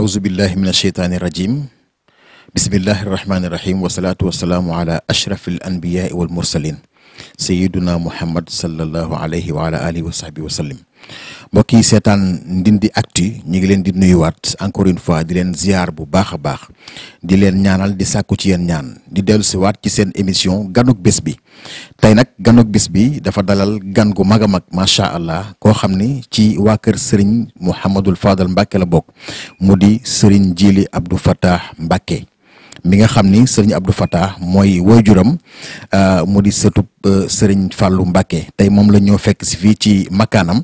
aousubillah min alsheytaani irajim bismillahi irrahmani irahim wasalatu wasalaamu ala ashrafi al anbiyaai wal mursalin sayiduna muhammad sallallahu alayhi wa ala alihi wa sahbi wa sallim mbokk yi seetaan Ndindy Actu ñu ngi leen di nuyuwaat encore une fois di leen ziar bu baax a baax di leen ñaanal di sakku ci yéen ñaan di dellu siwaat ci seen émission ganuk bés bi tey nag ganuk bés bi dafa dalal gan gu mag a mag macha allah koo xam ni ci waa kër Serigne Mouhamadul Fadal Mbacke la bokk mu di Serigne Jili Abdou Fatah Mbacke mi nga xam ni sëriñ Abdou Fatah mooy woy juram euh, mu di sëtub Serigne fàllu Mbacké tey moom la ñoo fekk si fii ci makkaanam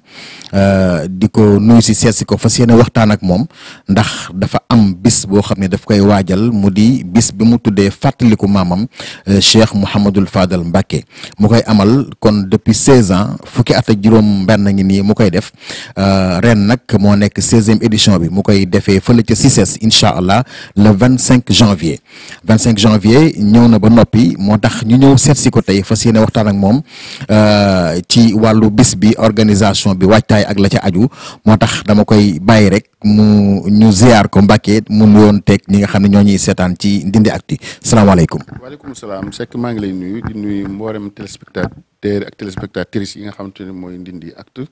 euh, di ko nuyu si seet si ko fas yéene waxtaan ak moom ndax dafa am bis boo xam ne daf koy waajal mu di bis bi mu tuddee fàttaliku maamam euh, Cheikh Mouhamadul Fadal Mbacké mu koy amal kon depuis seize ans fukki at ak juróom-benn ngi nii mu koy def euh, ren nag moo nekk seizième édition bi mu koy defee fële ca CICES incha allah le vingt cinq janvier vingt cinq janvier ñëw na ba noppi moo tax ñu ñëw seet si ko tey fas yéene waxtaan ak moom euh, ci wàllu bis bi organisation bi waajtaay ak la ca aju moo tax dama koy bàyyi rek mu ñu ziar ko Mbàkke mu nuyoon teg ñi nga xam ne ñoo ñuy seetaan ci Ndindy Actu salaamaaleykum. waaleykum salaam Seck maa ngi lay nuyu di nuyu mboolem téléspectateur ak téléspectatrices yi nga xamante ne mooy Ndindy Actu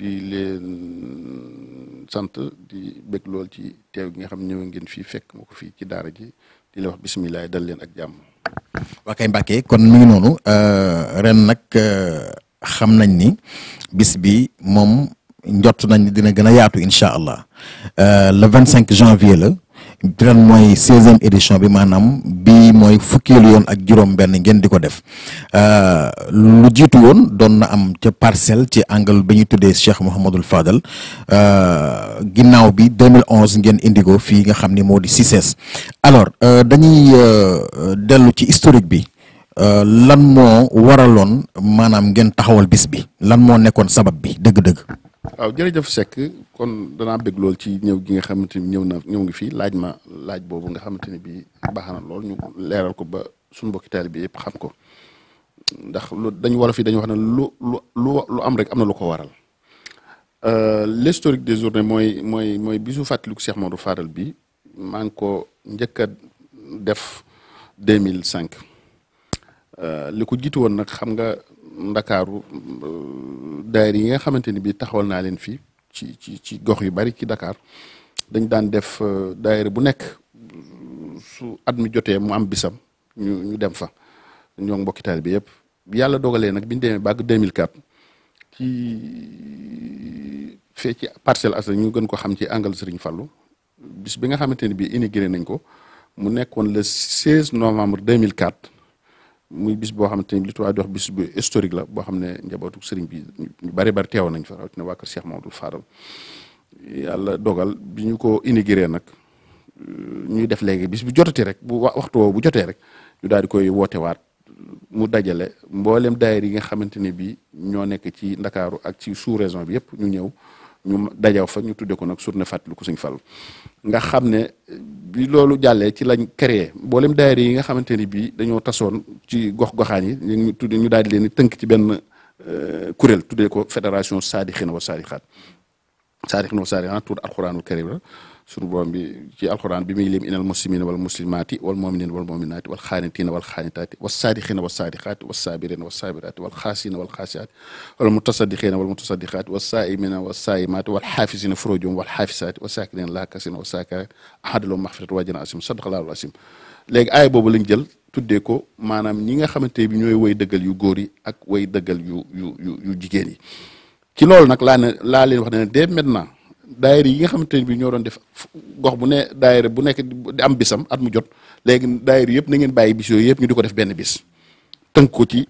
di leen sant di bëgg lool ci teew gi nga xam ñëw ngeen fii fekk ma ko fii ci daara ji di la wax bisimilah dal leen ak jàmm. waa kay Mbàkke kon mi ngi noonu euh, ren nag euh, xam nañ ni bis bi moom njott nañ dina gën a yaatu incha allah euh, le vingt cinq janvier la. ren mooy seizième édition bi maanaam bi mooy fukkeelu yoon ak juróom-benn ngeen di ko def euh, lu jiitu woon doon na am ca parcelle ci angle ba ñu tuddee Cheikh Mouhamadul Fadal euh, ginnaaw bi 2011 ngeen indigo fii nga xam ni moo di sees alors euh, dañuy dellu ci historique bi. Uh, lan moo waraloon maanaam ngeen taxawal bis bi lan moo nekkoon sabab bi dëgg-dëgg waaw jërëjëf sekk kon danaa bëgg lool ci ñëw gi nga xamante ni ñëw na ñëw ngi fii laaj ma laaj boobu nga xamante ni bii baax na lool ñu leeral ko ba suñu mbokki bi yëpp xam ko ndax lu dañu war a fi dañu wax na lu lu lu am rek am na lu ko waral euh, l'historique de journées mooy mooy mooy bisu fàttaliku Cheikh Modou Fadal bi maa ngi ko njëkk a def 2005 euh, li ko jiitu woon nag xam nga. ndakaaru euh, daayira yi nga xamante ni bii taxawal naa leen fii ci ci ci gox yu bari ci Dakar dañ daan def euh, daayira bu nekk su at mi jotee mu am bisam ñu ñu dem fa ñoo ngi bi yëpp yàlla dogalee nag bi ñu demee bàgg 2004 ci fee ci Parcelles Assainies ñu gën ko xam ci angle Serigne Fallou bis bi nga xamante ni bii inauguré nañ ko mu nekkoon le 16 novembre 2004. muy bis boo xamante ne li tubaab di wax bis bu historique la boo xam ne njabootu sëriñ bi ñu bari bari teew nañ fa rawatina waa kër Cheikh Mamadou Fadal yàlla dogal bi ñu ko inauguré nag euh, ñuy def léegi bis bu jotati rek bu waxtu woowu bu jotee rek ñu daal di koy wootewaat mu dajale mboolem daayira yi nga xamante ne bii ñoo nekk ci ndakaaru ak ci sous-région bi yëpp ñu ñëw ñu dajaw fa ñu tuddee ko nag surne fàttali ko suñ fal nga xam ne bi loolu jàllee ci lañ créé mboolem daayira yi nga xamante ni bii dañoo tasoon ci gox-goxaan yi ñu tudd ñu daal di leen tënk ci benn euh, kurel tuddee ko fédération saadixina wa saadixaat saadixina wa saadixaat tur alxuraanul karim la suñu borom bi ci alxuraan bi muy lim inal muslimina wal muslimaati wal muminina wal muminaati wal xaanitina wal xaanitaati wal saadixina wal saadixaati wal saabirina wal saabiraati wal xaasina wal xaasiaati wal mutasaddiqina boobu lañ jël tuddee ko maanaam ñi nga xamante bi ñooy way dëggal yu góor yi ak woy dëggal yu yu yu yu jigéen yi ci loolu nag laa ne laa leen wax ne dès maintenant daayira yi nga xamante ne bi ñoo doon def gox bu ne daayira bu nekk di am bisam at mu jot léegi daayira yëpp na ngeen bàyyi bis yooyu yëpp ñu di ko def benn bis tënk ko ci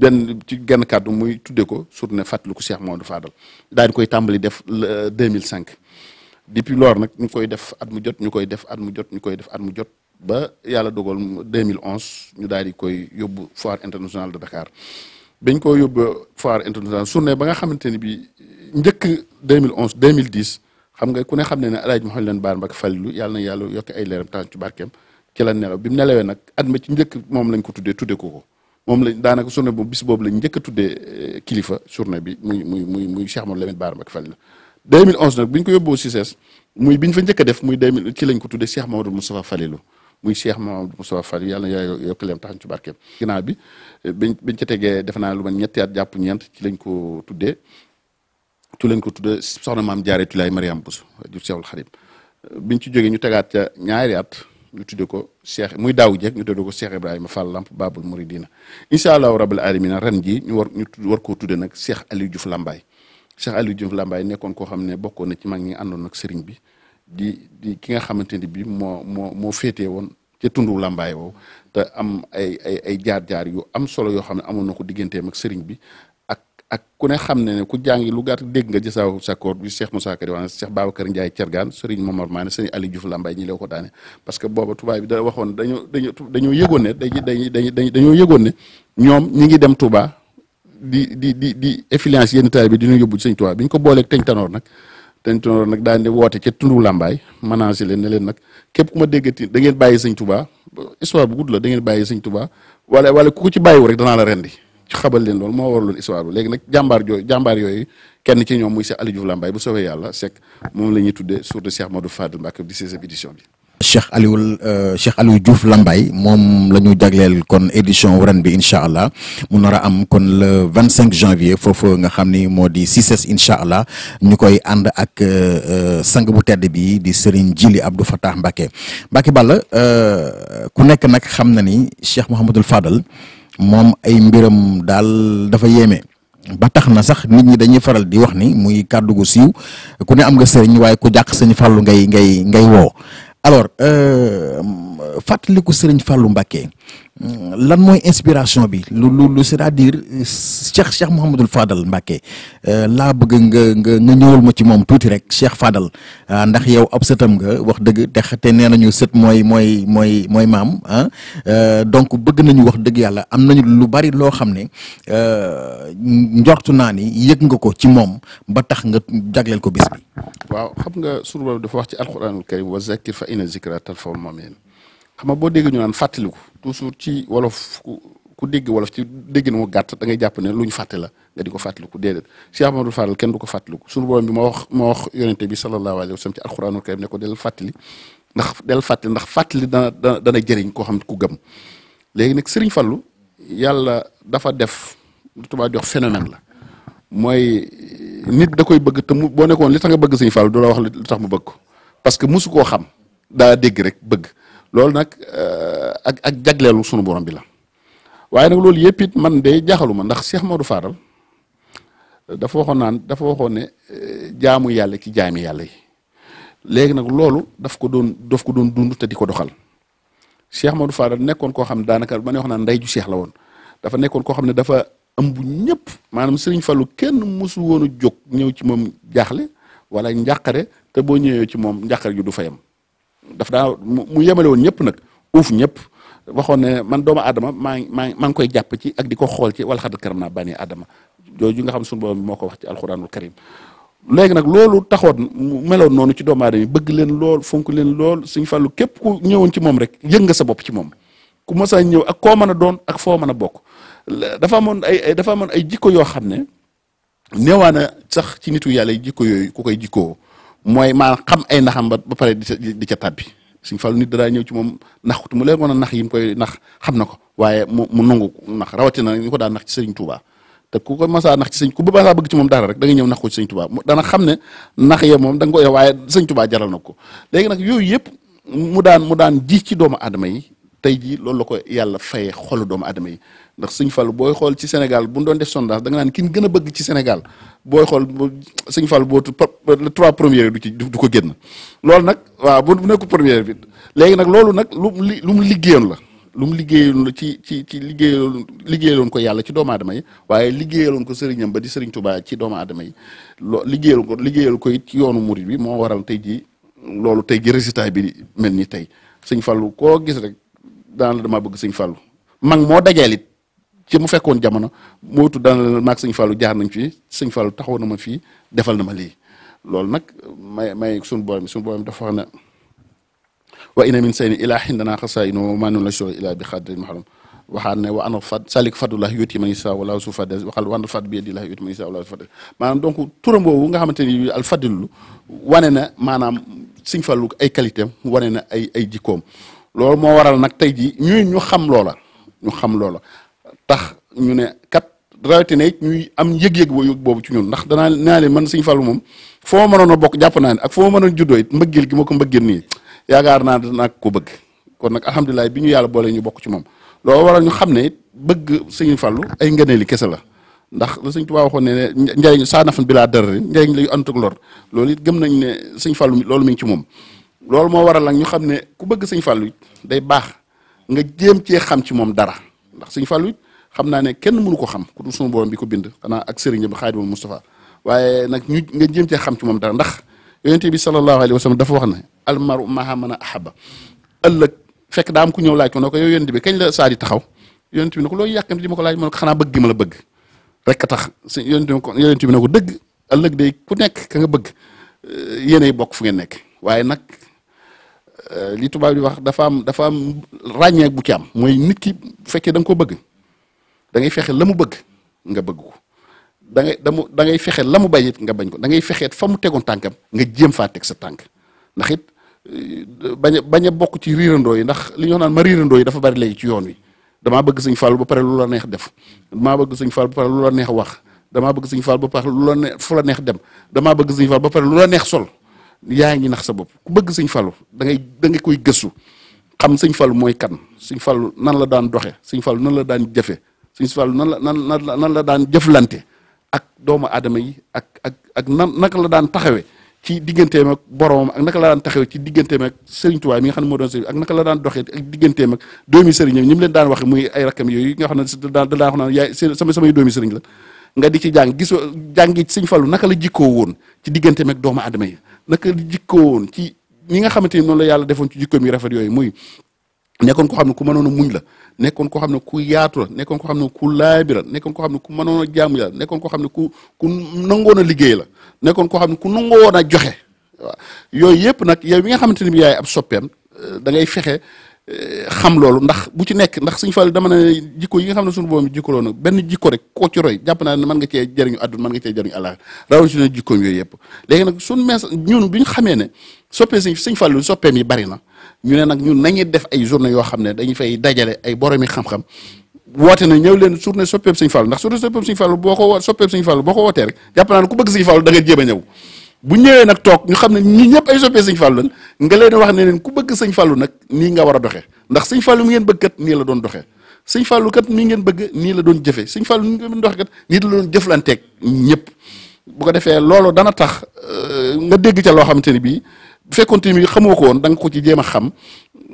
benn ci genn kàddu muy tuddee ko journée fàttaliku Cheikh Mamadou Fadal daal di koy tàmbali def euh, deux mille 2005 depuis loolu nag ñu koy def at mu jot ñu koy def at mu jot ñu koy def at mu jot ba yàlla dogal 2011 ñu daal di koy yóbbu foire internationale de Dakar bañ koo yóbbu foire internationale journée ba nga xamante ni bii njëkk 2011 2010 xam nga ku ne xam ne ne El Hadj Mouhamed Lamine Bara Mbacké Falilou yàlla na yàlla yokk ay leeram tànn ci barkeem ci la nelaw nag at ma ci njëkk moom lañ ko tuddee tuddee ko ko moom lañ daanaka journée boobu bis boobu lañ njëkk tuddee eh, kilifa journée bi muy muy muy muy Cheikh Mouhamed Lamine Bara Mbacké Falilou 2011 nag biñ ko yóbboo CICES muy biñ fa njëkk a def muy 2000 ci lañ ko tuddee Cheikh Mamadou Moustapha muy Cheikh Mamadou Moussa Fall yàlla na yaay yokk leen taxañ ci barkeem ginnaaw bi eh, biñ biñ ca tegee defe naa lu man ñetti at jàpp ñeent ci lañ ko tuddee ci lañ ko tuddee soxna maam jaare Tulaay Mariam Bousso jur Cheikhul Xadim eh, biñ ci jógee ñu tegaat ca ñaari at ñu tuddee ko Cheikh muy daaw jeg ñu tuddee ko Cheikh Ibrahima Fall Lamp Babul Mouridina incha allahu rabbil alamina ren ji ñu war ñu war koo tuddee nag Cheikh Aliou Diouf lambaay Cheikh Aliou Diouf Lambaye nekkoon koo xam ne bokkoon na ci mag ñi àndoon nag sëriñ bi di ki nga xamante ni bii moo moo moo féetee woon ca tundu lambaay woowu te am ay ay ay jaar-jaar yu am solo yoo xam ne amoon na ko digganteem ak sëriñ bi ak ak ku ne xam ne ne ku jàngi lu gàtt dégg nga jësaaw sakkoor bi Cheikh Moussa Kadi wax Cheikh Babacar Ndiaye Thiergane sëriñ Momar Mané sëriñ Aliou Diouf làmbaay ñi la ko daane parce que booba tubaab bi da waxoon dañoo dañoo dañoo yëgoon ne dañuy dañuy dañoo yëgoon ne ñoom ñi ngi dem Touba di di di di influence yenn taal bi dina yóbbu sëñ Touba bi ko booleeg teñ tanoor nag dañ Tanor nag daal di woote ca tundu làmbaay menacé leen ne leen nag képp ku ma déggati dangeen ngeen bàyyi sëñ Touba histoire bu la da ngeen bàyyi sëñ Touba wala wala ku ko ci wu rek danaa la rendi ci xabal leen loolu moo waraloon histoire bi léegi nag jàmbaar jooyu jàmbaar yooyu kenn ci ñoom muy Cheikh Aliou Diouf Lambaye bu soobee yàlla Seck moom la ñuy tuddee Sourd Cheikh Modou Fadel Mbacké di 16e édition bi Cheikh Aliou euh, Cheikh Aliou Diouf Lambaye moom la ñu jagleel kon édition ren bi incha allah mu nar a am kon le vingt cinq janvier foofu nga xam ni moo di si ses incha allah ñu koy ànd ak euh, euh, sang bu tedd bi di Serigne ab Abdou Fatah Mbacke Mbacke Balla ku nekk nag xam na ni Cheikh Mouhamadul Fadal moom ay mbiram daal dafa yéeme. ba tax na sax nit ñi dañuy faral di wax ni muy kàddugu gu siiw ku ne am nga sëriñ waaye ku jàq sëñ fàllu ngay ngay ngay alors euh, fàttaliku Serigne Fallou Mbacké lan mooy inspiration bi lu lu lu c'est-à-dire euh, Cheikh Cheikh Mouhamadul Fadal Mbacké euh, laa bëgg nga nga ñëwal ma ci moom tuuti rek Cheikh faadal euh, ndax yow ab sëtam nga wax dëgg te te nee nañu sët mooy mooy mooy mooy maam ah donc bëgg nañu wax dëgg yàlla am nañu lu bari loo xam ne njortu naa ni yëg nga ko ci moom ba tax nga jagleel ko bis bi. waaw xam nga sunu Boroom dafa wax ci alquranul karim wa zakir fa inna zikra xam nga boo dégg ñu naan fàttaliku toujours ci wolof ku dégg wolof ci déggin mu gàtt da ngay jàpp ne lu ñu fàtte la nga di ko fàttaliku déedéet Cheikh Amadou Fall kenn du ko fàttaliku suñu borom bi moo wax moo wax yonente bi sallallahu alayhi wa sallam ci alquranul karim ne ko del fàttali ndax del fàttali ndax fàttali dana dana dana jëriñ koo xam ku gëm léegi nag Serigne Fallou yàlla dafa def lu tubaab jox phénomène la mooy nit da koy bëgg te mu boo nekkoon li tax nga bëgg Serigne Fallou du la wax li tax mu bëgg ko parce que mosu koo xam daa dégg rek bëgg loolu nag euh, ak ak jagleelu sunu borom bi la waaye nag loolu yëpp it man de jaaxalu ma ndax Cheikh Modou Fadal euh, dafa waxoon naan dafa waxoon ne euh, jaamu yàlla ci jaami yàlla yi léegi nag loolu daf ko doon daf ko doon dund te di ko doxal Cheikh Modou Fadal nekkoon koo xam ne daanaka ma ne wax naan ndey ju la woon dafa nekkoon koo xam ne dafa ëmb ñëpp maanaam Serigne Fallou kenn mosu woon a jóg ñëw ci moom jaxle wala njàqare te boo ñëwee ci moom njàqare ju du fayam. daf daa mu yemale woon ñëpp nag uuf ñëpp waxoon ne man doomu adama maa ngi maa ngi maa ngi koy jàpp ci ak di ko xool ci wala xadd karam naa bani aadama jooju nga xam suñu borom bi moo ko wax ci alxuraanul karim léegi nag loolu taxoon mu meloon noonu ci doomu aadama yi bëgg leen lool fonk leen lool suñ falu képp ku ñëwoon ci moom rek yëg nga sa bopp ci moom ku mos a ñëw ak koo mën a doon ak foo mën a bokk dafa amoon ay dafa amoon ay jikko yoo xam ne neewaana sax ci nitu yàlla yi jikko yooyu ku koy jikkoo mooy maa xam ay naxam ba ba pare di ca di ca tàbbi suñ fàllu nit dara ñëw ci moom nax ku mu leen woon a nax yi mu koy nax xam na ko waaye mu mu nangu nax rawatina ñu ko daan nax ci sëriñ Touba te ku ko masaa nax ci sëñ ku ba masaa bëgg ci moom dara rek da ñëw nax ko ci sëñ Touba dana xam ne nax ya moom da nga koy waaye sëñ Touba jaral na ko léegi nag yooyu yëpp mu daan mu daan ji ci doomu aadama yi tey jii loolu la ko yàlla fayee xolu doomu aadama yi ndax sëñ Fall booy xool ci Sénégal bu ñu doon def sondage danga naan kin gën a bëgg ci Sénégal booy xool sëñ Fall boo le trois première bi ci du ko génn loolu nag waaw bu nekkul première bi léegi nag loolu nag lu li lu mu liggéeyoon la lu mu la ci ci ci liggéeyaloon liggéeyaloon ko yàlla ci doomu adama yi waaye liggéeyaloon ko sëriñam ba di sëriñ ci doomu aadama yi loo liggéeyal ko liggéeyal ko it ci yoonu murit bi moo waral tey jii loolu tey ji résultat bi mel nii tey sëñ Fallu koo gis rek daan dama bëgg sëñ Fallu mag moo dajeel ci mu fekkoon jamono mootu dana maag sëñ Fallou jaar nañ fi sëñ falu taxaw na ma fii defal na ma lii loolu nag may may suñu borom suñu borom dafa wax ne wa ina min sayni ilaa xindanaa xasaa ino maa nun la soo ilaa bi xadri ne wa anal fad salik fadullah yuuti man yasa wala su fad waxal wa anal fad bi yadillah yuuti man yasa wala su fad maanaam donc turam boobu nga xamante ni al fadilu wane na maanaam sëñ Fallou ay qualité am wane na ay ay jikkoom loolu moo waral nag tey ji ñuy ñu xam loola ñu xam loola tax ñu ne kat rawatina it ñu am yëg-yëg boobu ci ñun ndax danaa naa leen man Sëñ Fallu moom foo ma a bokk jàpp naa ne ak foo ma mënoon juddoo it mbëggeel gi ma ko mbëggeel nii yaakaar naa danaa ko bëgg kon nag alhamdulilah bi ñu yàlla boole ñu bokk ci moom loolu waral ñu xam ne bëgg Sëñ Fallu ay ngëneeli kese la ndax Sëñ Tuubaa waxoon ne ne njëriñ saanafan bi laa dara ren njëriñ la loolu it gëm nañ ne Sëñ Fallu loolu mi ngi ci moom loolu moo waral nag ñu xam ne ku bëgg Sëñ falu yi day baax nga jéem ci xam ci moom dara ndax Sëñ Fallu xam naa ne kenn mënu ko xam ku dul sunu borom bi ko bind xanaa ak sëriñ bi Xaadimu Mustafa waaye nag ñu nga jëm cee xam ci moom dara ndax yonente bi sallallahu alayhi wa sallam dafa wax ne almaru maha man a ahaba ëllëg fekk daam ku ñëw laaj ko ko yooyu yonente bi kañ la saa di taxaw yonente bi ne ko looy yàkkamti di ma ko laaj ma ne ko xanaa bëgg ma la bëgg rek a tax si yonente bi ko yonente bi ne ko dëgg ëllëg day ku nekk ka nga bëgg eh, yéenay bokk fu ngeen nekk waaye nag eh, li tubaab di wax dafa am dafa am ràññeek bu ci am mooy nit ki bu fekkee da nga bëgg da ngay fexe la mu bëgg nga bëgg ko dangay damu da ngay fexe la mu bañ nga bañ ko da ngay fexeet fa mu tegoon tànkam nga jëm faa teg sa tànk ndax it eh, bañ a bañ bokk ci riirandoo yi ndax li ñu naan ma riirandoo yi dafa bari léegi ci yoon wi damaa bëgg sëñ Fall ba pare lu la neex def damaa bëgg sëñ Fall ba pare lu wax damaa bëgg sëñ Fall ba pare lu la neex fu la neex dem damaa bëgg sëñ Fall ba pare lu la neex sol yaa ñi nax sa bopp ku bëgg sëñ Fallu dangay dangay koy gëstu xam sëñ Fallu mooy kan sëñ Fallu nan la daan doxe sëñ Fallu nan la daan jëfe suñu si nan la nan la nan la daan jëflante ak doomu aadama yi ak ak nan naka la daan taxawee ci digganteem ak boromam ak naka la daan taxawee ci digganteem ak Serigne nga xam ne moo doon sëriñ la daan doxee ak digganteem ak doomi sëriñ ñi mu leen daan waxe muy ay rakkam yooyu nga ne da daa wax naan yaay sama samay doomi sëriñ nga di ci jàng gisoo jàngi Serigne Fallou naka la jikkoo woon ci digganteem ak doomu aadama yi naka la jikko woon ci ñi nga xamante ni noonu la yàlla defoon ci jikko yi rafet yooyu muy nekkoon ko xam ne ku mënoon a muñ la nekkoon ko xam ne ku yaatu la nekkoon ko xam ne ku laabi la nekkoon ko xam ne ku mënoon a jaamu la nekkoon ko xam ne ku ku nangoon liggéey la nekkoon ko xam ne ku nangoon a joxe waaw yooyu yëpp nag yow mi nga xamante ni bi yaay ab soppeem euh, da ngay fexe euh, xam loolu ndax bu ci nekk ndax suñu fàll dama ne jikko yi nga xam ne suñu boobu jikko loolu benn jikko rek koo roy jàpp naa ne mën nga cee jëriñu àdduna mën nga cee jëriñu àllaax rawatina jikkoom yooyu yëpp léegi nag suñu mees ñun bi ñu xamee ne soppee suñ suñ fàllu soppeem yi bari na ñu ne nag ñun nañuy def ay journée yoo xam ne dañu fay dajale ay boromi xam-xam woote na ñëw leen journée soppeeb Sëñ Fallu ndax journée soppeeb Sëñ Fallu boo ko woo soppeeb Sëñ Fallu boo ko wootee rek jàpp naa ne ku bëgg Sëñ Fallu nga a toog xam ne ñi ñëpp ay soppee Sëñ Fallu lan nga leen wax ne neen ku bëgg Sëñ Fallu nag nii nga war a doxee ndax Sëñ Fallu mi ngeen bëgg kat nii la doon doxee Sëñ Fallu kat mi ngeen bëgg nii la doon jëfee Sëñ Fallu mi ngeen doon doxee kat nii la doon jëflanteeg ñëpp bu ko defee loolu dana tax euh, nga dégg ca loo xamante ni bii bu fekkoon tamit xamoo ko woon danga nga ko ci jéem a xam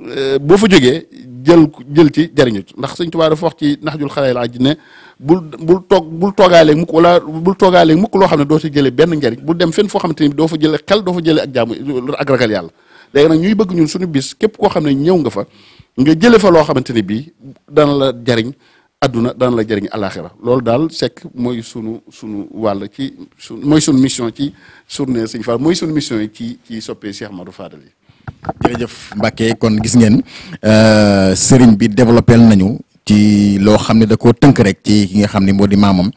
euh, boo fa jógee jël jël ci jariñu ndax Sëñ Tuubaa dafa wax ci naxjul xaleel aj ne bul bul toog bul toogaaleeg mukk wala bul toogaaleeg mukk loo xam ne doo si jëlee benn njariñ bul dem fenn foo xamante ni doo fa jëlee xel doo fa jëlee ak jaamu ak ragal yàlla léegi nag ñuy bëgg ñun suñu bis képp koo xam ne ñëw nga fa nga jëlee fa loo xamante ni bii dana la jariñ àdduna daan la jëriñ àllaaxira loolu daal sekk mooy sunu sunu wàll ci su mooy sunu mission ci journée Sëñ Fall mooy sunu mission ci ci soppee Cheikh Ahmadou Fadal yi jërëjëf Mbacke kon gis ngeen euh, sëriñ bi développé nañu ci loo xam ne da koo tënk rek ci ki nga xam ne moo di maamam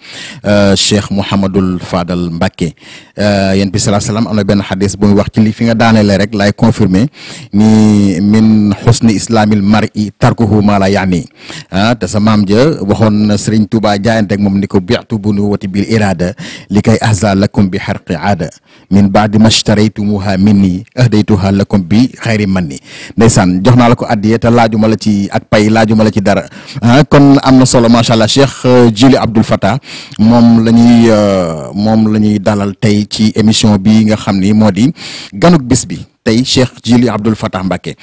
euh, Cheikh Mouhamadul Fadal Mbacke euh, yéen bi salaa salaam am na benn xadis bu muy wax ci li fi nga daanelee rek laay confirmer ni min xusni islamil mar'i tarkuhu ma la yaani ah te sa maam ja waxoon na Serigne Touba jaayante moom ni ko bi'tu bu nuwati bil irada li kay ahza lakum bi xarqi aada min baadi mastaraytumuha minni ahdaytuha lakum bi xayri manni ndeysaan jox naa la ko addiye te laajuma ci ak pay laajuma la ci dara Ah, kon am na solo macha allah Cheikh euh, Jili Abdoul Fattah moom la ñuy euh, moom la ñuy dalal tey ci émission bi nga xam ni moo di ganuk bis bi tey Cheikh Jili Abdoul Fattah Mbacké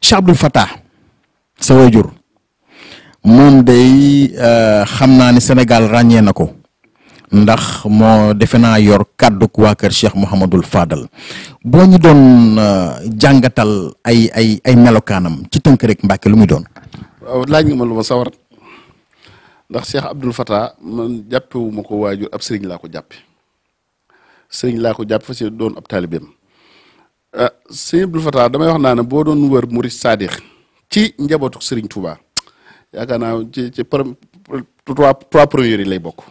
Cheikh Abdoul Fattah sa waajur moom day euh, xam naa ni Sénégal ràññee na ko ndax moo defe naa yor kàdduk waa kër Cheikh Mouhamadul Fadal boo ñu doon jàngatal ay ay ay melokaanam ci tënk rek Mbàkke lu muy doon laaj nga ma lu ma sawar ndax Cheikh Abdoul Fatah man jàppewu ma ko waajur ab sëriñ laa ko jàppe sëriñ laa ko jàpp fa si doon ab taalibeem ah sëriñ Abdoul damay wax naa ne boo doon wër murid saadix ci njabootu sëriñ Touba yaakaar naa ci ci trois premiers lay bokk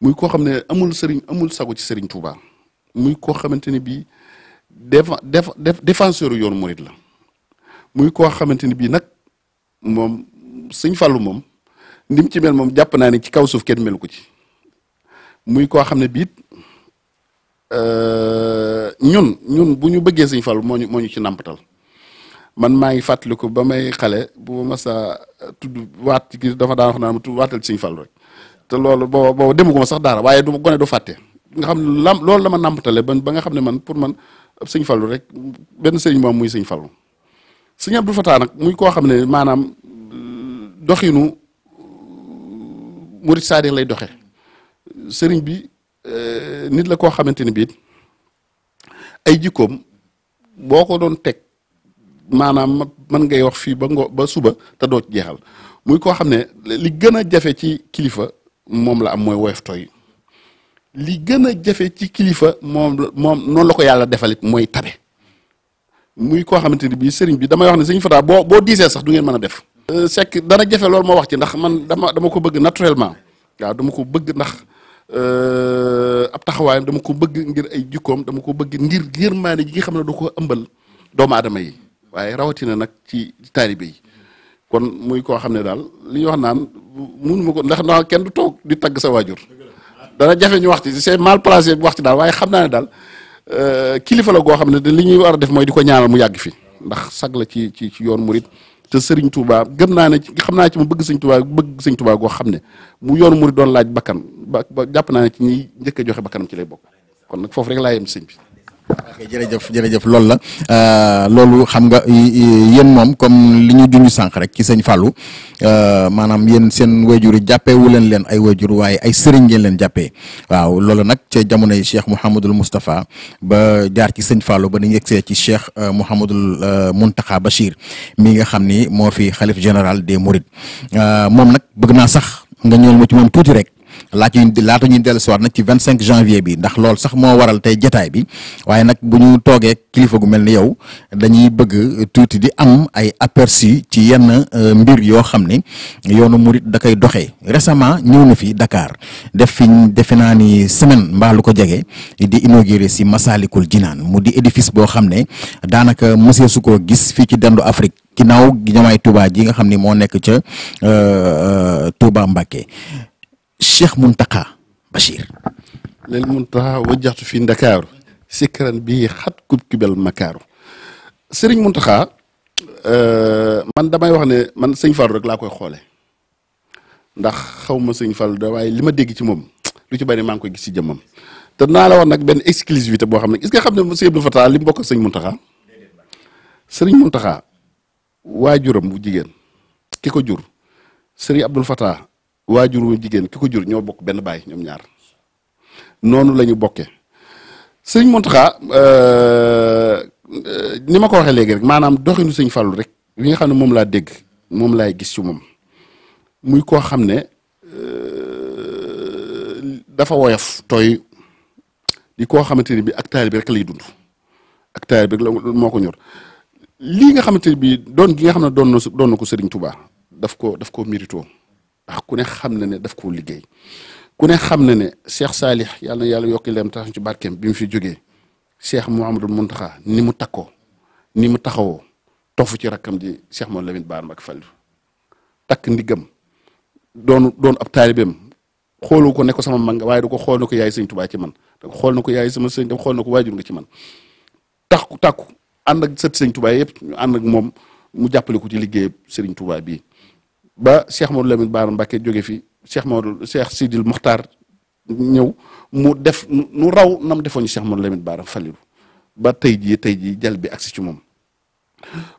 muy koo xam ne amul sëriñ amul sago ci sëriñ Touba muy koo xamante ni bii défenseur yoonu murid la muy koo xamante ni bii nag. moom sëñ Fallou moom ni ci mel moom jàpp naa ne ci kaw suuf kenn melu ko ci muy koo xam ne biit euh, ñun ñun bu ñu bëggee sëñ Fallou moo ñu ci nampatal man maa ngi fàttaliku ba may xale bu ma masa tudd waat ci dafa daan wax naan ma tudd waatal ci sëñ rek te loolu booba booba demu ko sax daara waaye du gone du fàtte nga xam lam loolu la ma nàmpatale ba nga xam ne man pour man sëñ Fallou rek benn sëriñ moom muy sëñ falu sëñ Abdou Fatah nag muy koo xam ne maanaam euh, doxinu euh, murit saadix lay doxe sëriñ bi euh, nit la koo xamante ni biit ay jikkoom boo ko doon teg maanaam mën ngay wax fii ba ngo ba suba te doo jeexal muy koo xam ne li gën a jafe ci kilifa moom la am mooy woyof tooy li gën a jafe ci kilifa moom moom noonu la ko yàlla defalit mooy tabe muy koo xamante ni bii sëriñ bi damay wax ne sëriñ Fata boo boo diisee sax du ngeen a def. Euh, sekk dana jafe loolu moo wax ci ndax man dama dama ko bëgg naturellement waaw dama ko bëgg ndax euh, ab taxawaayam dama ko bëgg ngir ay jikkoom dama ko bëgg ngir yërmaane ji nga xam ne da ko ëmbal doomu adama yi waaye rawatina nag ci taalibe yi kon muy koo xam ne daal li ñu wax naan mënu ma ko ndax kenn du toog di tagg sa waajur dana jafe ñu wax see c'est mal placé wax ci daal waaye xam naa ne daal. Euh, kilifa la goo xam ne li ñuy war a def mooy di ko ñaanal mu yàgg fi ndax sag la ci ci ci yoon murit te Serigne Touba gëm naa ne xam naa ci mu bëgg Serigne Touba bëgg Serigne Touba goo xam ne mu yoon murit doon laaj bakkan ba jàpp naa ci ñiy njëkk a joxe bakkanam ci lay bokk kon nag foofu rek laa yem sëñ bi ok jërëjëf jërëjëf loolu la euh, loolu xam nga yéen moom comme li ñu junj sànq rek ci sëñ Fallou euh, maanaam yéen seen wayjur yi jàppee leen leen ay wayjur waaye ay sëriñ leen jàppee waaw loolu nag ca jamonoy Cheikh Mouhamadul Moustapha ba jaar ci sëñ Fallou ba ñu see ci Cheikh euh, Mouhamadul Mountakha Bachir mi nga xam ni moo fi xalif général des Mourides moom nag bëgg naa sax nga ñëwal ma ci moom tuuti rek. laata ñuy laata ñuy dellusiwaat nag ci vingt cinq janvier bi ndax loolu sax moo waral tey jataay bi waaye nag bu ñu toogee kilifa gu mel ni yow dañuy bëgg tuuti di am ay aperçu ci yenn euh, mbir yoo xam ne yoonu murit da koy doxee récemment ñëw na fi Dakar def fi defe naa ni semaine mbaa ko jege di inauguré si Massalikul Jinaan mu di édifice boo xam ne daanaka monsieur su ko gis fii ci dendu Afrique. ginnaaw jamaay Touba ji nga xam ni moo nekk ca euh, euh, Touba Mbacké Cheikh Mountakha Bachir. leel Mountakha wajjaxtu fi ndakaaru sikkaran bi xat kub kibel makaaru Serigne Mountakha euh, man damay wax ne man sëñ Fallou rek laa koy xoole ndax xaw ma sëñ Fallou da waaye li ma dégg ci moom lu ci bari maa ngi koy gis ci jëmmam te naa la wax nag benn exclusivité boo xam ne est-ce xam ne monsieur Abdou Fatah li mu bokk ak sëñ Mountakha jigéen ki ko jur Serigne Abdou Fatah. waa jur wu jigéen ki ko jur ñoo bokk benn baay ñoom ñaar noonu lañu bokke bokkee sëñ Mountakha euh, ni ma ko waxee léegi rek maanaam doxinu sëñ Fallou rek wi nga xam ne moom laa dégg moom laay gis ci moom muy koo xam ne euh, dafa woyof tooy di koo xamante ni bi ak taalibe bi rek lay dund ak taalibe bi rek moo ko ñor lii nga xamante ni bi doon gi nga xam ne doon na doon na ko Serigne Touba daf ko daf ko mérito ah ku ne xam na ne def ko liggéey ku ne xam na ne Cheikh Salih yàlla na yàlla yokki leem tax ci barkeem bi mu fi jógee Cheikh Mouhamadul ni mu takkoo ni mu taxawoo tofu ci rakkam di Cheikh Mouhamadou Lamine Bara Mbacké takk ndiggam doon doon ab taalibeem xoolu ko ne ko sama mag nga waaye du ko xool na ko yaay sëñ Tuubaa ci man xool na ko yaay sama sëñ xool na ko waajur nga ci man takku takku ànd ak sët sëñ yëpp ñu ànd ak moom mu jàppale ko ci liggéey sëriñ Tuubaa bii ba Cheikh Modou Lamine Bara Mbacké jóge fi Cheikh Modou Cheikh Sidil Mokhtar ñëw mu def nu raw nam defoon Cheikh Modou Lamine Bara Falilu ba tey jii tey jii jal bi agsi ci moom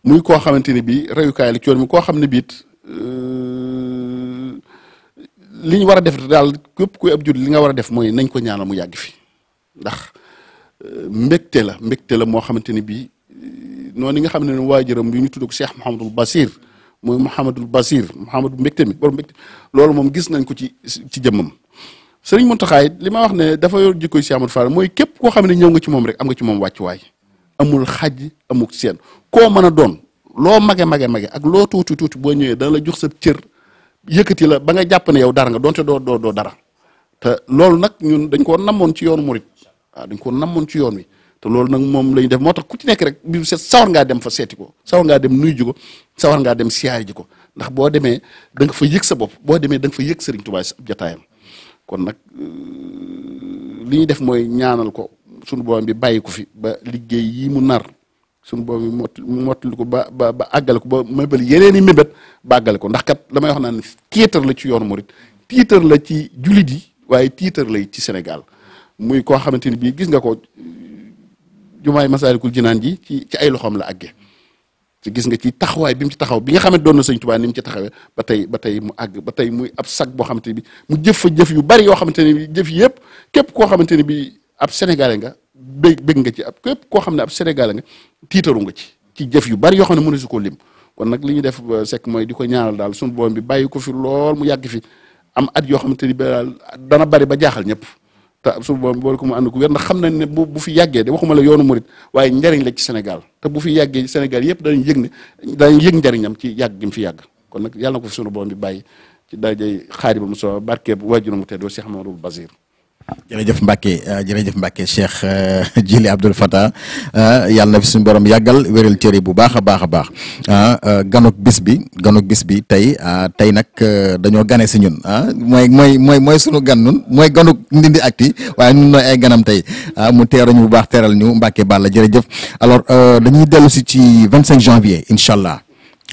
muy koo xamante ni bii reyukaay la coon mi koo xam ne biit euh, li ñu war a def daal képp kuy ab jur li nga war a def mooy nañ ko ñaanal mu yàgg fi ndax euh, mbégte la mbégte la moo xamante ni bii euh, noonu nga xam ne waajuram mu ñu tudd ko Cheikh Mouhamadul Basir mooy Mouhamadul Basir Mouhamadou Mbégte mi borom Mbégte loolu moom gis nañ ko ci ci jëmmam sëriñ Mountakha it li ma wax ne dafa jikko jikkoy si Amadou Fall mooy képp koo xam ne ñëw nga ci moom rek am nga ci moom wàccuwaay amul xaj amul seen koo mën a doon loo mage mage mage ak loo tuuti tuuti boo ñëwee dana la jox sa cër yëkkati la ba nga jàpp ne yow dara nga doonte doo doo doo dara te loolu nag ñun dañ koo namoon ci yoonu murit waaw dañ koo namoon ci yoon wi te loolu nag moom la def moo tax ku ci nekk rek bi mu set sawar ngaa dem fa seeti ko sawar ngaa dem nuy ji ko sawar ngaa dem siyaari ji ko ndax boo demee da nga fa yëg sa bopp boo demee danga fa yëg Serigne Touba jataayam kon nag euh, li ñuy def mooy ñaanal ko sunu borom bi bàyyi ko fi ba liggéey yi mu nar sunu borom bi mott mottali ko ba ba ba àggale ko ba mébal yeneen i mébét ba àggale ko ndax kat la may wax naan tiitar la ci yoonu murit tiitar la ci jullit yi waaye tiitar lay ci Sénégal muy koo xamante ni bii gis nga ko jumaay masaalikul jinaan ji ci ci ay la àgge ci gis nga ci taxawaay bi mu ci taxaw bi nga xam doon na sëñ Tuubaa ni mu ci taxawee ba tey ba tey mu àgg ba tey muy ab sag boo xamante bi mu jëf fa jëf yu bari yoo xamante ne bi jëf yëpp képp koo xamante ne bi ab sénégalais nga bég bég nga ci ab képp koo xam ne ab sénégalais nga tiitaru nga ci ci jëf yu bari yoo xam ne mënu su ko lim kon nag li ñu def euh, sekk mooy di ko ñaanal daal suñu boom bi bàyyi ko fi lool mu yàgg fi am at yoo xamante ni bi daal dana bari ba jaaxal ñëpp te suñu borom boole ko mu ànd ko wér ndax xam nañ ne bu bu fi yàggee de waxuma la yoonu murit waaye njariñ la ci Sénégal te bu fi yàggee Sénégal yëpp danañ yëg ne danañ yëg njariñam ci yàgg gi mu fi yàgg kon nag yàlla na ko fi sunu borom bi bàyyi ci daajay xaari ba mu so barkeeb waajuram mu tedd Cheikh Amadou Basir jërëjëf Mbacke euh, jërëjëf Mbacke Cheikh euh, Jili Abdoul Fatah euh, yàlla na fi suñu borom yàggal wéral cëri bu baax a baax a baax ah, ganok bis bi ganok bis bi tey ah, tey nag dañoo gane si ñun ah mooy mooy mooy mooy suñu gan nun mooy ganuk Ndindy Actu waaye ñun nooy ay ganam tey ah, mu teeruñu bu baax teral ñu Mbacke Balla jërëjëf alors dañuy dellu si ci vingt cinq janvier incha allah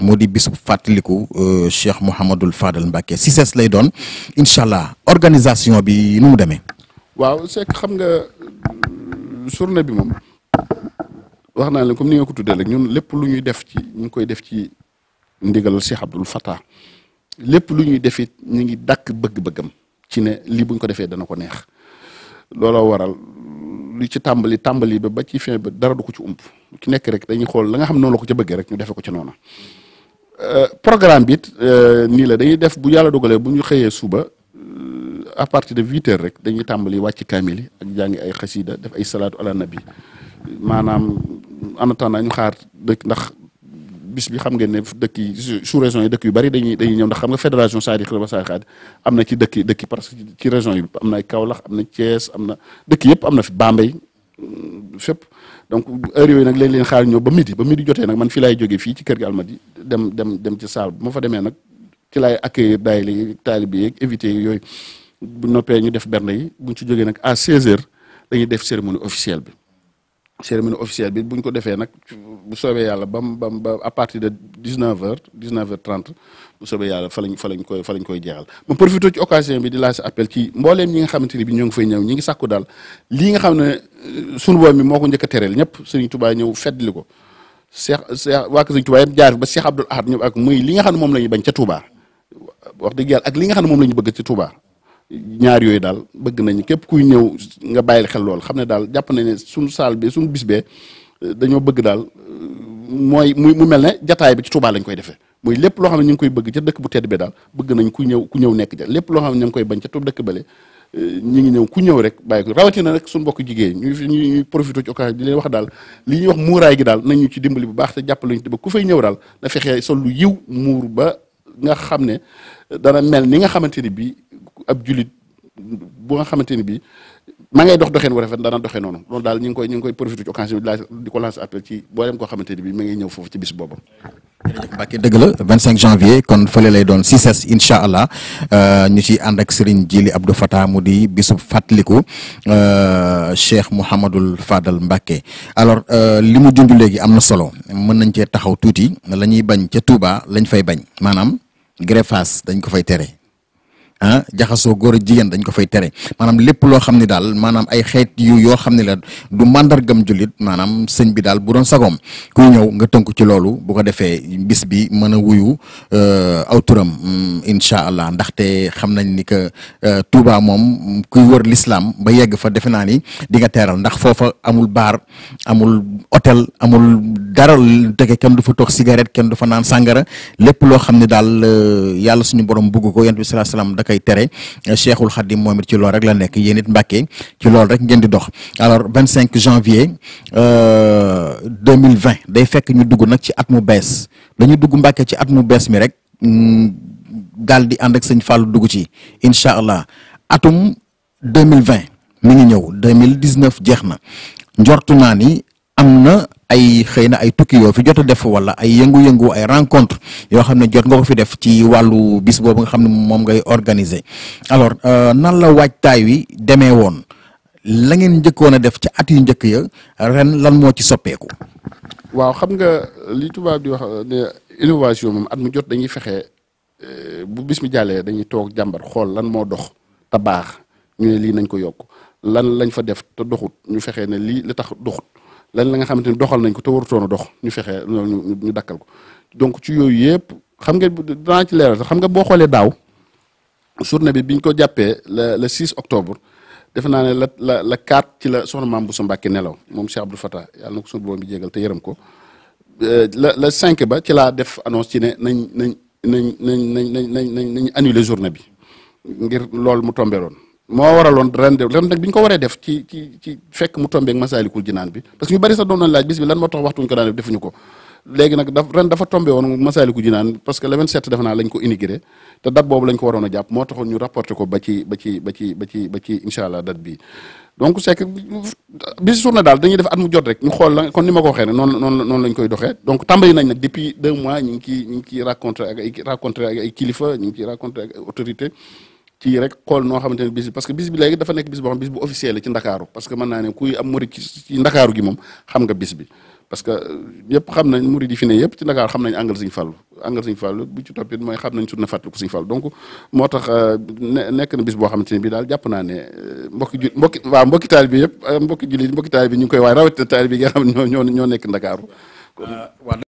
moo di bisub fàttaliku Cheikh Mouhamadul Fadal Mbacke si ses lay doon incha allah organisation bi nu mu demee waaw c'est xam nga journée bi moom wax naa leen comme ni nga ko tuddee rek ñun lépp lu ñuy def ci ñu ngi koy def ci ndigalal Cheikh Abdoul Fattah lépp lu ñuy def it ñu ngi dakk bëgg-bëggam ci ne lii buñ ko defee dana ko neex looloo waral lu ci tàmbali tàmbali ba ba ci fin ba dara du ko ci ump ki nekk rek dañuy xool la nga xam noonu la ko ca bëgge rek ñu defee ko ci noonu euh, programme bi it euh, nii la dañuy def bu yàlla dogalee bu ñu xëyee suba. à partir de huit rek dañuy tàmbali wàcc kaamil ak jàngi ay xasida def ay salaatu ala nabi maanaam en attendant ñu xaar dëkk ndax bis bi xam ngeen ne dëkk yi sous région yi dëkk yu bari dañuy dañuy ñëw ndax xam nga fédération saari xirba saari xaadi am na ci dëkk yi dëkk parce que ci région yi am na ay Kaolack am na am na dëkk yëpp na fi Bambey mm, fépp donc heure yooyu nag lañ leen xaar ñëw ba midi ba midi jotee nag man fii laay jógee fii ci kër gi almadi dem dem dem ci saal bu ma fa demee nag ci laay accueillir daay li taalib yi yeeg éviter yooyu bu noppee ñu def berne yi buñ ci jógee nag à 16h dañuy def cérémonie officielle bi cérémonie officielle bi buñ ko defee nag bu soobee yàlla bam bam ba à partir de 19h 19h30 bu soobee yàlla fa lañ fa lañ koy fa lañ koy jeexal ma profité ci occasion bi di laa si appel ci mbooleem ñi nga xamante ni bi ñoo ngi fay ñi ngi sàkku daal lii nga xam ne euh, sunu boom bi moo ko njëkk a tereel ñëpp Serigne Touba ñëw feddli ko Cheikh Cheikh waa Serigne Touba yëpp jaar ba Cheikh Abdoul Ahad ak muy li nga xam ne moom la ñu bañ ca Touba wax dëgg li nga xam ne moom la ñu bëgg ci Touba ñaar yooyu daal bëgg nañ képp kuy ñëw nga bàyyil xel lool xam ne daal jàpp nañ ne suñu saal bi suñu bis bee euh, dañoo bëgg daal euh, mooy muy mu mel ne jataay bi ci Touba lañ koy defee muy lépp loo xam ne ñu ngi koy bëgg ca dëkk bu tedd bi daal bëgg nañ ku ñëw ku ñëw nekk lépp loo xam ne ñu ngi koy bañ ca tub dëkk bale euh, ñi ngi ñëw ku ñëw rek bàyyi ko rawatina rek suñu mbokk jigéen ñuy ñuy profité ci occasion di leen wax daal li ñuy wax muuraay gi daal nañu ci dimbali bu baax te jàppale ñu te ba ku fay ñëw daal na fexee sol lu yiw muur ba nga xam ne dana mel ni nga xamante ni bi ab julit bu nga xamante ni bii ma ngay dox doxeen wu rafet dana doxee noonu loolu daal ñu ngi koy ñu ngi koy profité ci occasion bi di ko lancer appel ci mboolem koo xamante ni bii ma ngay ñëw foofu ci bis dëgg la janvier kon fële lay doon si s incha allah euh, ñu ci ànd ak Serigne Djili Abdou Fatah mu di bisu fàttaliku euh, Cheikh Mouhamadul Fadal Mbacke alors euh, li mu junj léegi am na solo mën nañ cee taxaw tuuti la ñuy bañ ca Touba lañ fay bañ maanaam greffage dañ ko fay tere. ah jaxasoo góor ak jigéen dañ ko fay tere maanaam lépp loo xam ne daal maanaam ay xeet yu yoo xam ne la du màndargam jullit maanaam sëñ bi daal bu doon sagoom ku ñëw nga tënk ci loolu bu ko defee bis bi mën a wuyu euh, aw turam mm, incha allah ndaxte xam nañ ni que euh, Touba moom kuy wër lislaam ba yegg fa defe naa ni di nga teeral ndax foofa amul baar amul hôtel amul dara lu tege kenn du fa toog cigarette kenn du fa naan sàngara lépp loo xam ne daal euh, yàlla suñu borom bugg ko yonent bi sallallahu alayhi wasallam koy tere Cheikhul Khadim moom it ci loolu rek la nekk yéen it Mbàkke ci loolu rek ngeen di dox alors vingt cinq janvier euh, deux mille vingt day fekk ñu dugg nag ci at mu bees dañu dugg Mbàkke ci at mu bees mi rek daal mm, di ànd ak sëñ Fallou dugg ci incha allah atum deux mille vingt mi ngi ñëw deux mille dix neuf jeex na njortu naa ni am na ay xëy na ay tukki yoo fi jot a def wala ay yëngu-yëngu ay rencontre yoo xam ne jot nga ko fi def ci wàllu bis boobu nga xam ne moom ngay organiser alors euh, nan la waajtaay wi demee woon la ngeen njëkkoon a def ci at yu njëkk ya ren lan moo ci soppeeku. waaw xam nga li tubaab di wax ne innovation moom at mu jot dañuy fexe euh, bu bis mu jàllee dañuy toog jàmbar xool lan moo dox te baax ñu ne lii nañ ko yokk lan lañ fa def te doxut ñu fexe ne lii li tax doxut. lan la nga xamante ni doxal nañ ko te warutoon dox ñu fexe ñu dakkal ko donc ci yooyu yëpp xam nga danaa ci leeral xam nga boo xoolee daaw journée bi biñ ko jàppee le le 6 octobre defe naa ne la la la 4 ci la soxna maam Bousso Mbacke nelaw moom Cheikh Abdou Fatah yàlla na ko suñu borom bi jégal te yërëm ko euh, la la 5 ba ci laa def annonce ci ne nañ nañ nañ nañ nañ nañ nañ nañ annulé journée bi ngir loolu mu tombé woon moo waraloon ren de ren nag bi ko waree def ci ci ci fekk mu tombeek Masaalikul Jinaan bi parce que ñu bari sax doon nañ laaj bis bi lan moo tax waxtuñ ko daan def defuñu ko léegi nag daf ren dafa parce que le 27 defe naa lañ ko inauguré te date boobu lañ ko waroon a jàpp moo taxoon ñu rapporté ko ba ci ba ci ba ci ba ci ba ci incha allah date bii donc c'est que bis journée daal dañuy def at mu jot rek ñu xool la kon ni ma ko waxee ne noonu noonu noonu lañ koy doxe donc tàmbali nañ nag depuis deux mois ñu ngi ciy ñu ngi ciy rencontré ak ay rencontré ak ay kilifa ñu ngi ciy rencontré ak kii rek xool noo xamante ne bis parce que bis bi léegi dafa nekk bis boo xam bis parce que mën am murid ci xam nga bis yëpp euh, xam nañ murid yi fi ne yëpp ci ndakaaru xam nañ àngal Sëñ Fallu àngal Fallu bu ci toppit xam nañ sut na fàttaliku Sëñ Fallu donc moo tax euh, nekk na bis boo xamante bi daal jàpp naa ne euh, mbokki ju mbokki waaw mbokki taal bi yëpp mbokki jullit mbokki taal bi ñu ngi koy waaye rawatina taal bi nga ñoo nekk ndakaaru